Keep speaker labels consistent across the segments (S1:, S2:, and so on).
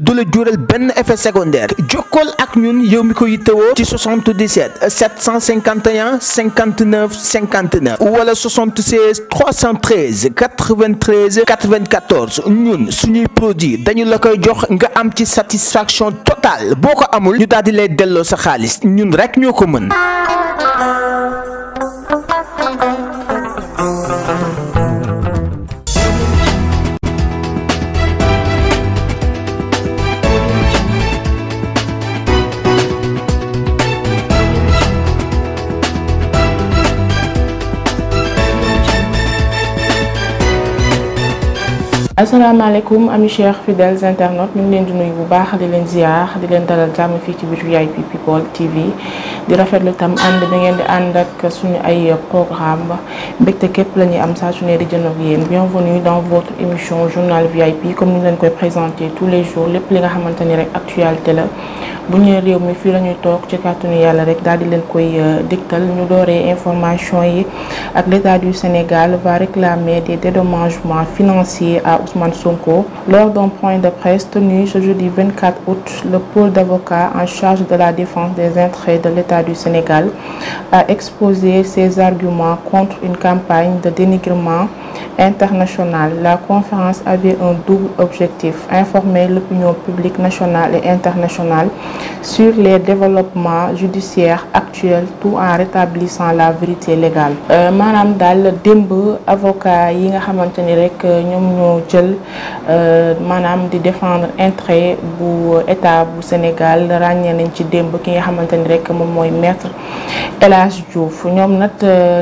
S1: D'où le jural Ben effet secondaire Je ak ñun yow mi ko yittewoo ci 77 751 59 59 wala 76 313 93 94 ñun suñuy produit dañu la koy jox nga am ci satisfaction totale boko amul ñu daldi lay dello sa xaalis ñun rek ñoko
S2: Assalamu asalaamaaleykum ami cher fidèles internautes ñu ngi leen di nuyu bu baax di leen ziar di leen dalal jàmm fii ci biir VIP People TV di rafetlu tam ànd da ngeen di ànd ak suñu ay programme mbégte képp la ñuy am saa su di jënd ak bienvenue dans votre émission journal VIP comme nous l'avons koy présenté tous les jours les li nga xamante ni rek actualité la bu avons mi fii la ñuy ci rek daal euh, information l'état du Sénégal va réclamer des dédommagements financiers à Ousmane Sonko. Lors d'un point de presse tenu ce jeudi 24 août, le pôle d'avocats en charge de la défense des intérêts de l'état du Sénégal a exposé ses arguments contre une campagne de dénigrement international. La conférence avait un double objectif, informer l'opinion publique nationale et internationale sur les développements judiciaires actuels tout en rétablissant la vérité légale euh, Madame Dal démb avocat yi nga xamanteni rek euh, ñom ñoo jël euh, manam di défendre intérêt bu état bu Sénégal ràññee nañ ci démb ki nga xamanteni rek mom moy maître Elas Diouf Ñom nag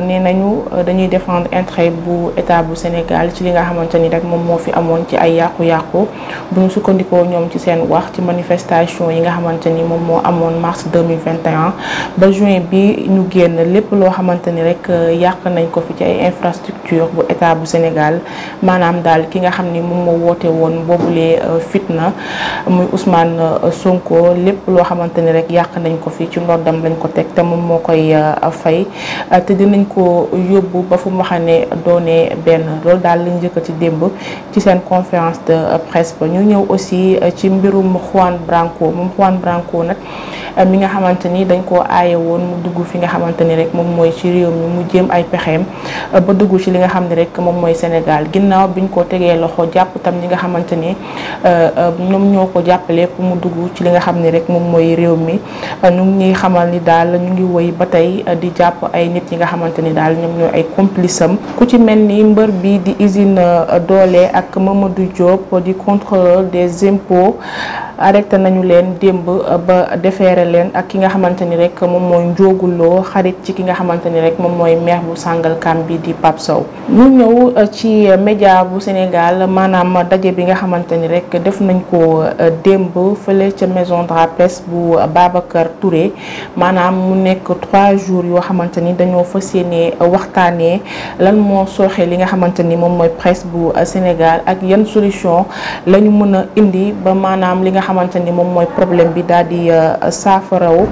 S2: né nañu dañuy défendre intérêt bu état bu Sénégal ci li nga xamanteni rek mom moo fi amoon ci ay yàqu-yàqu bu sukkandiko ñom ci seen wax ci manifestation yi nga xamanteni xamante ni moom moo mars 2021 ba juin bi ñu genn lepp lo xamanteni rek yàq nañ ko fi ci ay infrastructure bu état bu Sénégal manam d'al ki nga xamni mom mo woté won woon boobulee fitna muy Ousmane Sonko lepp lo xamanteni rek yàq nañ ko fi ci ndodam lañ ko teg te mom moo koy euh, fay euh, te dinañ ko yobbu ba fu mu waxane doone benn loolu daal lañ njëkk ci demb ci sen conférence de euh, presse ba ñu ñëw aussi ci mbirum Juan Branco mom Juan Branco Branco nag euh, mi nga xamante ni dañ koo aye woon mu dugg fi nga xamante ni rek moom mooy ci réew mu jéem ay pexeem euh, ba dugg ci li nga xam ne rek moom mooy Sénégal ginnaaw bi ñu ko tegee loxo jàpp tam ñi nga xamante ni euh, ñoom ñoo ko jàppale pour mu dugg ci li nga xam ne rek moom mooy réew mi ñu ngi xamal ni daal ñu ngi woy ba tey di jàpp ay nit yi nga xamante ni daal ñoom ñoo ay complice am ku ci mel ni mbër bi di usine doole ak du Diop di contrôleur des impôts arrêté nañu leen démb euh, ba defeere leen ak ki nga xamante ni rek moom mooy njooguloo xarit ci ki nga xamante ni rek moom mooy maire bu sàngal Sangalkam bi di Pape Sow ñu ñëw euh, ci euh, média bu Sénégal maanaam daje bi nga xamante ni rek def nañ ko démb fële ca maison de la bu Babacar Touré maanaam mu nekk trois jours yoo xamante ni dañoo fa yéene waxtaanee lan moo sooxe li nga xamante ni moom mooy presse bu Sénégal ak yan solution lañu mën indi ba maanaam li nga xamante ni moom mooy problème bi daal di euh, saafarawu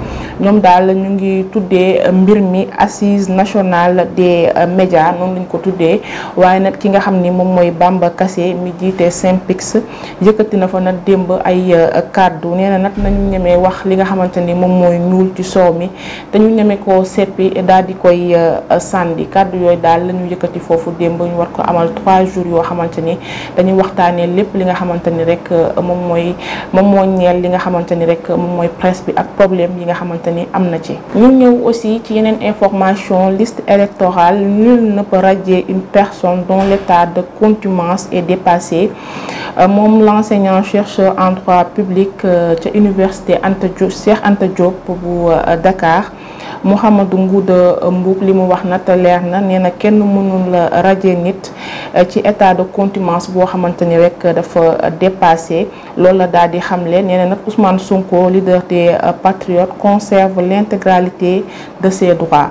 S2: ñoom daal ñu ngi tuddee euh, mbir mi assise nationale de euh, médias noonu lañ ko tuddee waaye nag ki nga xam ni moom mooy Bamba Kassé mi jiite Synpics yëkkati na fa nag démb ay kàddu nee na nag nañu ñemee wax li nga xamante ni moom mooy ñuul ci soow mi te ñu ñeme koo seppi daal di koy sànni kàddu yooyu daal la ñu yëkkati foofu démb ñu war ko amal trois jours yoo xamante ni dañuy waxtaanee lépp li nga xamante moom moo li nga xamanteni rek moom presse bi ak problème yi nga xamanteni amna ci ñu aussi ci yenen information liste électorale nul ne peut radier une personne dont l'état de contumance est dépassé euh, mom l'enseignant chercheur en droit public de euh, université Anta Diop Cheikh Anta Diop bu euh, Dakar Mouhamadou Ngouda Mboup li mu wax nag leer na nee na kenn mënul euh, radier nit euh, ci état de contumace boo xamante ni rek dafa dépassé loolu la daal di xamle nee na nag Ousmane Sonko leader des euh, patriotes conserve l'intégralité de ses droits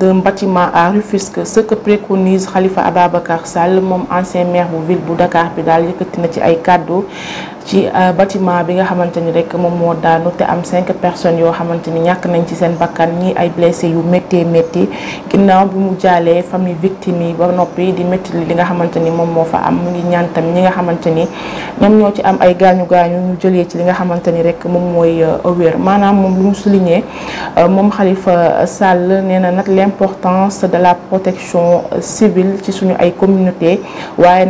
S2: d'un bâtiment à rufusque ce que préconise Khalifa Ababacar Sall mon ancien maire la ville de Dakar bi daal yëkkati na ci ci euh, bâtiment bi nga xamante ni rek moom moo daanu te am cinq personnes yoo xamante ni ñàkk nañ ci seen bakkan ñi ay blessé yu méttee métti ginnaaw bi mu jaalee famille victime yi ba noppi di métti li nga xamante ni moom moo fa am mu ngi ñaan ñi nga xamante ni ñoom ñoo ci am ay gaañu gaañu ñu jëlee ci li nga xamante ni rek moom mooy euh, wér maanaam moom lu mu souligné euh, moom xalifa Sall nee na nag l'importance de la protection civile ci suñu ay communauté waaye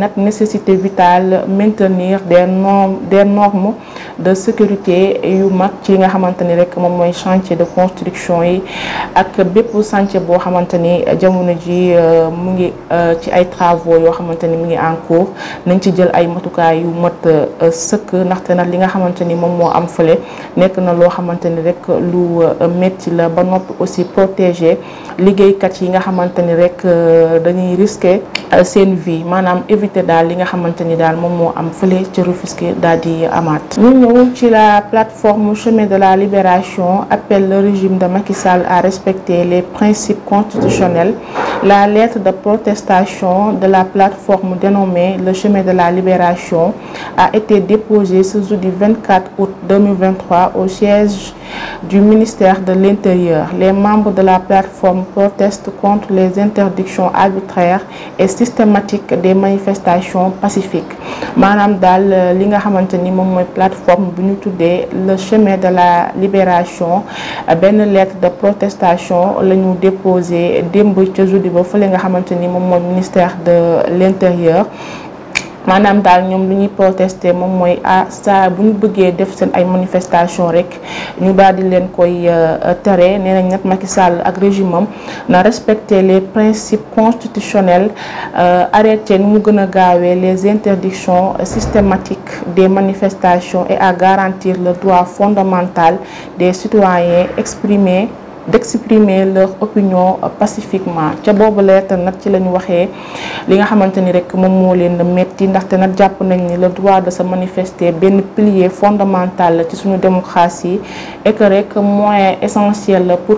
S2: des normes de sécurité yu mag ci nga xamanteni rek mom mooy chantier de construction yi ak bépp chantier bo xamanteni jamono ji euh, mu ngi euh, ci ay travaux yo xamanteni ni mu ngi en cours nañ ci jël ay matukaay yu mat seuk ndaxte nag li nga xamanteni mom mo am feulé nek na lo xamanteni rek lu euh, metti la ba nopi aussi protéger kat yi nga xamanteni rek dañuy risquer sen vie manam éviter dal li nga xamanteni dal mom mo am feulé ci Rufisque daal dit Amat. la plateforme chemin de la libération appelle le régime de Macky Sall à respecter les principes constitutionnels la lettre de protestation de la plateforme dénommée le chemin de la libération a été déposée ce du 24 août 2023 au siège du ministère de l'Intérieur, les membres de la plateforme protestent contre les interdictions arbitraires et systématiques des manifestations pacifiques Madame Dal, euh, li nga maintenu plateforme le chemin de la libération Une euh, lettre de protestation la déposé ministère de l'Intérieur manam Dal ñom lu ñuy protester mom nous a ah, sa bu ñu def sen ay manifestation rek ñu daal di leen koy euh, Macky Sall ak régime na respecter les principes constitutionnels euh, arrêter ñu gëna les interdictions systématiques des manifestations et à garantir le droit fondamental des citoyens exprimés d'exprimer leur opinion euh, pacifiquement C'est boobu lettre nag ci la Nous avons li nga nous avons rek leen metti le droit de se manifester un pilier fondamental de suñu démocratie et que rek moyen essentiel pour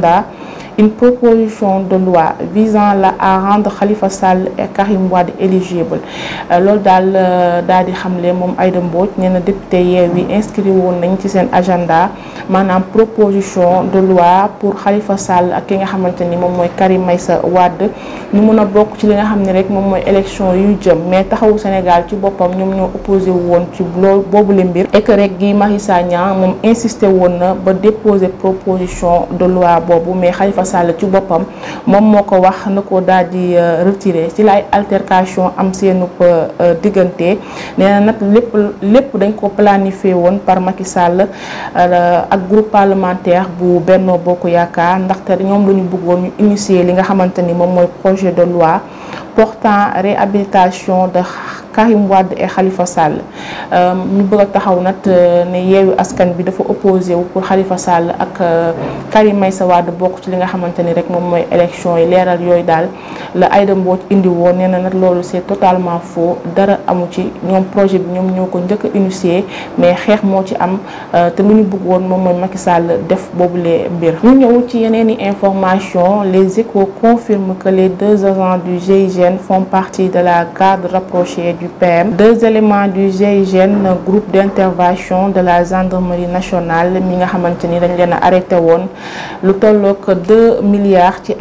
S2: ¿Verdad? une proposition de loi visant à rendre Khalifa Sall et Karim Wade éligible euh, loolu d'Adi euh, Hamle, di xamle moom Aïda Mbodj député qui inscrit au nañ ci agenda une proposition de loi pour Khalifa Sall ak ki nga xamante Karim Meïssa Wade Nous mun a bokk ci li nga xam rek élection yu jëm mais au Sénégal ci boppam ñoom ñoo opposé woon ci loolu le mbir et que rek gi Marie insisté woon na ba déposer proposition de loi boobu mais Khalifa Sall ci boppam moom moo ko wax na ko daal di euh, retiré ci lay altercation am seenub euh, euh, diggante nee nag lépp lépp dañ ko planifié woon par Macky Sall ak groupe parlementaire bu Benno Bokk Yaakaar ndaxte ñoom la ñu bëggoon ñu initier li nga xamante ni moom mooy projet de loi portant réhabilitation de Karim Wade et Khalifa Sall euh, ñu bëgg a taxaw nag euh, ne askan bi dafa opposé wu pour Khalifa Sall ak euh, Karim Meïssa Wade bokk ci li nga xamante rek mom moy élection yi léral yoy daal la Aïda Mbodj indi woon nee na nag loolu c'est totalement faux dara amu ci ñom projet bi ñom ñoko ko initier mais xex mo ci am té lu ñu bëgg won mom moy Macky Sall def boobulee mbir ñu ñëw ci yeneen information les échos confirment que les deux agents du GIGN font partie de la garde rapprochée du PM. E deux éléments du GIGN, groupe d'intervention de la gendarmerie nationale, mi nga xamante dañ leen a arrêté woon lu 2 milliards ci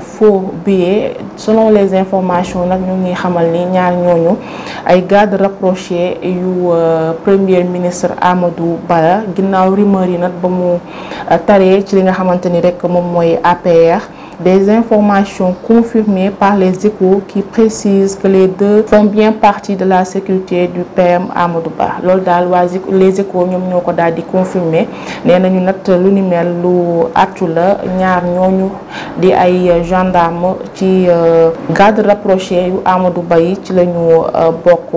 S2: faux billets selon les informations nous ñu ngi xamal ay garde rapprochée yu euh, premier ministre Amadou Ba ginnaw rumeur yi nak ba mu euh, ci li nga xamanteni rek mom APR des informations confirmées par les échos qui précisent que les deux font bien partie de la sécurité du PM à Ba les échos ont confirmé que les di confirmer nee que les lu ni mel lu accu ñaar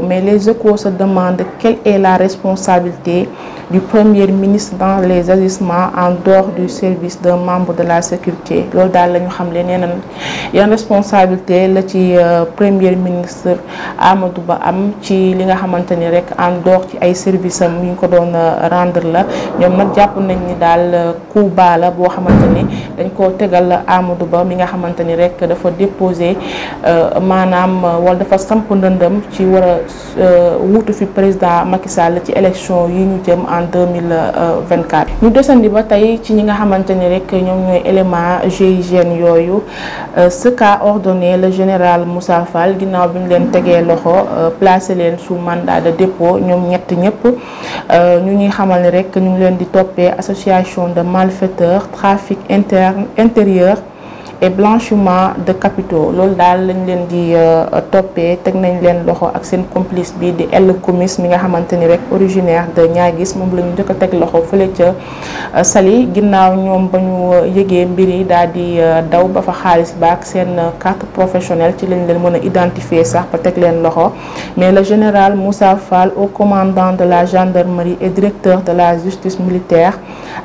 S2: mais les échos se demandent quelle est la responsabilité du premier ministre dans les agissements en dehors du service d'un membre de la sécurité loolu daal la ñu xamle nee responsabilité la ci euh, premier ministre Amadou Ba am ci li nga xamante rek en dehors ci ay services am ñu ko doon euh, rendre la ñoom nag jàpp nañ ni daal euh, coup la boo xamante ni dañ koo tegal Amadou Ba mi nga xamante rek dafa déposé manam wala dafa samp ndëndëm ci wara a fi président Macky Sall ci élection yi ñu jëm en 2024 ñu desandi ba tey ci nous nga des éléments rek élément GIGN euh, ce qu'a ordonné le général Moussa Fall ginnaaw bi leen loxo euh, placé leen sous mandat de dépôt nous ñett ñëpp euh, ñu ñuy xamal ni rek ñu ngi leen di association de malfaiteurs trafic interne intérieur et blanchiment de capitaux Lol dal lañ leen di euh, topé, teg nañ leen ak sen complice bi di El Koumis mi nga rek originaire de Nyagis, moom de ñu njëkk a teg loxo fële ca euh, Saly ginnaaw ñoom ba ñu euh, yëgee di daw ba fa xaalis ba carte professionnelle ci lañ identifier sax ba mais le général Moussa Fall au commandant de la gendarmerie et directeur de la justice militaire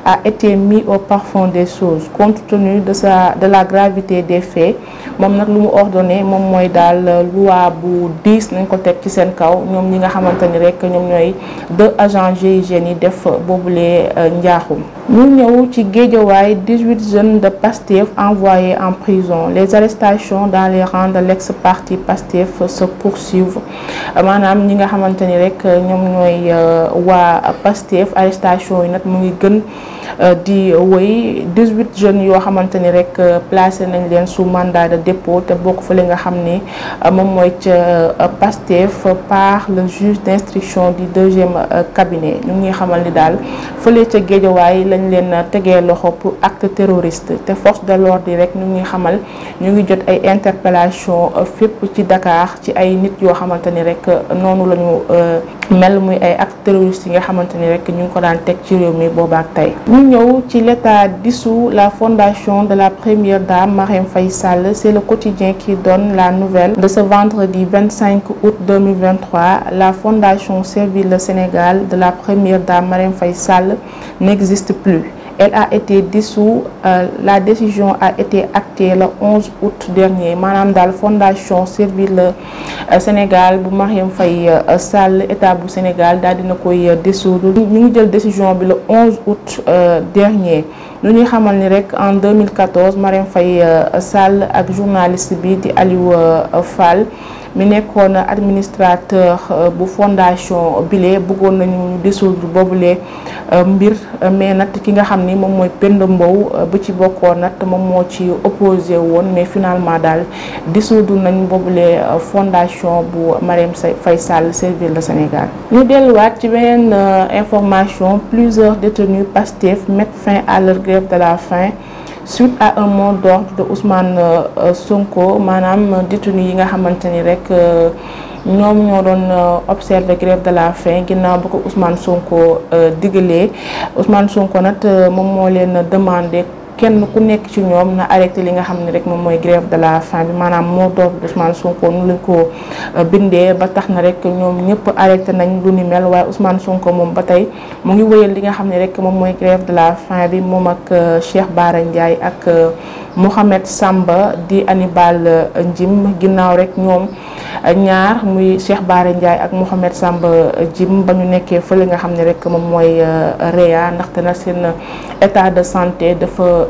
S2: a été mis au parfum des choses compte tenu de sa de la gravité gravité des faits Mom nak lumu ordonné moom mooy dal loi bu 10 nañ ko tek ci sen kaw ñom ñi nga xamanteni rek ñom ñoy deux agents GIGN yi def bobulé euh, njaaxum ñu ñew ci géejawaay 18 jeunes de Pastef envoyés en prison les arrestations dans les rangs de l'ex-parti Pastef se poursuivent manam ñi nga xamanteni rek ñom ñoy euh, wa Pastef arrestation yi nag mu ngi gën euh, di woy dix-huit jeunes yo xamante rek euh, placé nañ leen sous mandat de dépôt té bokk fa li nga xamné euh, mom moy ci Pastef par le juge d'instruction du deuxième cabinet ñu ngi xamal ni dal feulé ci guédiaway lañ leen tegee loxo pour acte terroriste té force de l'ordre rek ñu ngi xamal ñu ngi jot ay interpellation fépp ci Dakar ci ay nit yo xamante rek nonu lañu mel muy ay acte terroriste yi nga xamante rek ñu ko daan tek ci réew mi boba tay à la fondation de la première dame Marine Faisal. c'est le quotidien qui donne la nouvelle de ce vendredi 25 août 2023 la fondation Servile Sénégal de la première dame Marine Faisal n'existe plus elle a été dissous euh, la décision a été actée le 11 août dernier Madame Dal, fondation Servile euh, Sénégal bu Marième Faye euh, salle. état du Sénégal a été koy Nous avons ngi jël décision le 11 août dernier Nous ñuy xamal ni rek en 2014 Mariam Faye salle ak journaliste bi di Aliou Fall mi nekkoon administrateur euh, bu fondation bile bëggoon nañu dissoudre boobule euh, mbir mais nag ki nga xam ni moom mooy Penda Mbow euh, bu ci bokkoon nag moom moo ci opposé woon mais finalement daal dissoudre nañ boobule fondation bu Mariam Faye Sall du le Sénégal. ñu delluwaat ci beneen information plusieurs détenus Pastef mettent fin à leur grève de la faim. suite à un mot d'ordre de Ousmane euh, Sonko maanaam détenu yi nga xamante ni rek euh, ñoom ñoo doon euh, observer grève de la faim ginnaaw bu ko Ousmane Sonko digalee Ousmane Sonko nag moom moo leen demandé. kenn ku nekk ci ñoom na arrêté li nga xam ne rek moom mooy grève de la faim bi maanaam moo door Ousmane Sonko nu lañ ko euh, bindee ba tax na rek ñoom ñëpp arrêté nañ lu ni mel waaye Ousmane Sonko moom ba tey mu ngi wëyal li nga xam ne rek moom mooy grève de la faim bi moom ak euh, Cheikh Bara Ndiaye ak euh, Mouhamed Samba di Hannibal Njim ginnaaw rek ñoom ñaar muy Cheikh Bara Ndiaye ak Mouhamed Samba Njim ba ñu nekkee fële nga xam ne rek moom mooy réa ndaxte na seen état de santé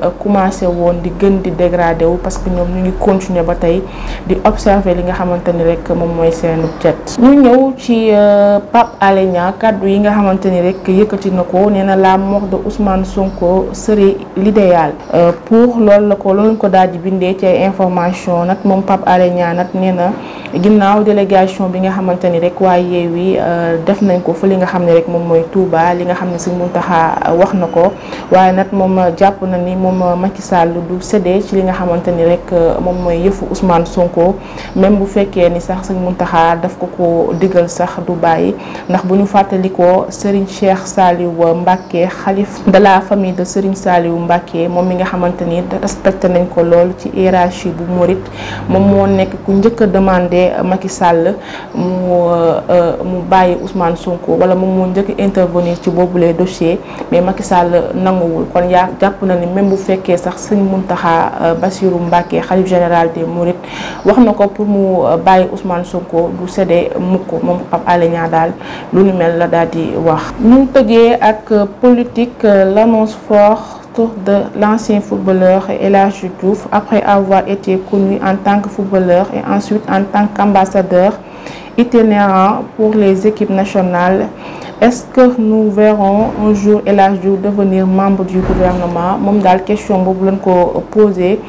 S2: Euh, commencé woon di gën di dégradé wu parce que ñoom ñu ngi continuer ba tey di observer li nga xamante ni rek moom mooy seenu cet ñu ñëw ci euh, Pape Alé kàddu yi nga xamante ni rek yëkkati na ko nee na la mort de Sonko serait l'idéal euh, pour loolu la ko loolu ko daal di bindee ci information nag moom Pape Alé Niang nag nee na ginnaaw délégation bi nga xamante ni rek waaye yeewi def nañ ko fu li nga xam ne rek moom mooy Touba li nga xam ne Sëñ Mountakha wax na ko waaye nag moom jàpp na ni moom euh, Macky Sall du séddee ci li nga xamante ni rek euh, moom mooy yëfu usmaan Sonko même bu fekkee ni sax mun Mountakha daf ko ko digal sax du bàyyi ndax bu ñu fàttalikoo Serigne Cheikh Saliou euh, Mbacké xalif de la famille de Serigne Saliou Mbacké moom mi nga xamante ni respecté nañ ko lool ci hiérarchie bu Mouride moom moo nekk ku njëkk a demandé Macky Sall mu mu bàyyi Ousmane Sonko wala moom moo njëkk intervenir ci boobu les dossiers mais Macky nanguwul kon yaa jàpp na ni même fekkee sax sëñ muntaha euh, Bassirou Mbacké xalif général des Mourides wax ko pour mu euh, baye Ousmane Sonko du séddee muko mom Pape Alé dal daal lu nu mel la daal di wax. ñu tëjee ak euh, politique l'annonce forte de l'ancien footballeur El Diouf après avoir été connu en tant que footballeur et ensuite en tant qu'ambassadeur itinérant pour les équipes nationales est-ce que nous verrons un jour El Hadj Diouf devenir membre du gouvernement Mom dal question bobu lañ ko poser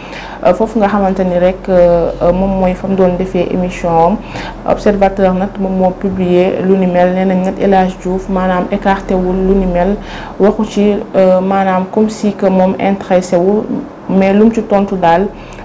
S2: euh, fofu nga xamante rek euh, euh, mom moy fam doon defee émission observateur nag mom mo publier l'uni mel nenañ nañ El Hadj Diouf maanaam écarté wul lu mel waxu ci manam comme si que mom intéressé wul mais lum ci tontu dal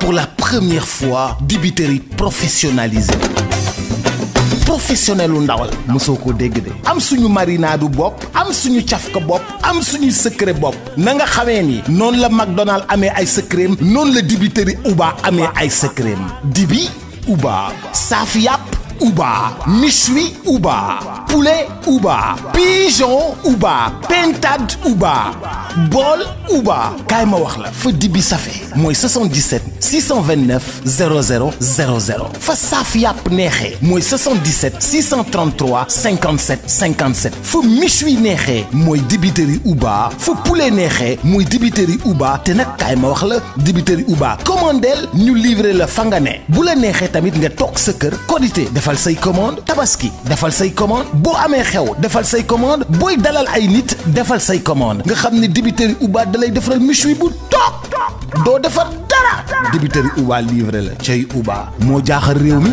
S3: pour la première fois dibiteri professionnalisé professionnel ndawal musoko ko am suñu marinade bop, am suñu bop, am suñu secret bop. Nanga nga Non ni la McDonald amé ay secret non le dibiteri Uba amé ay cream. dibi Uba Safiap, Ouba. Uba Ouba. Uba poulet ouba, pigeon ouba, pentade ouba, bol ouba. kaay ma wax la fait dibi 77 629 0000 fa safia Moi neexee 77 633 57 57 Fu Michui nehe. Moi dibiteri ouba fa poulet neexee mooy dibiteri ouba tena nag kaay wax la dibiteri ouba commandeel livrer le fangané. boule ne tamit nga tok sa kër de defal commande Tabaski de say commande bo amé xew defal say commande booy dalal ay nit defal say commande nga xamni débiteur débiteri Uba dalay defal méchoui bu tok
S1: do defal dara débiteri Uba livrer la cey Uba moo jaaxal réew mi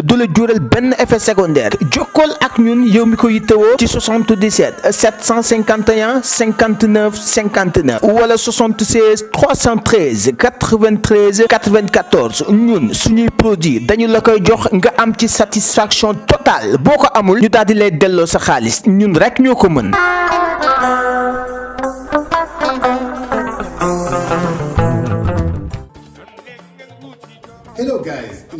S1: d'où le jural Ben effet secondaire Jokol ak ñun yow mi ko 77 751 59 59 wala 76 313 93 94 ñun suñuy produit dañu la koy jox nga am ci satisfaction totale boko amul ñu daal di lay delloo sa xaalis ñun rek
S3: Hello guys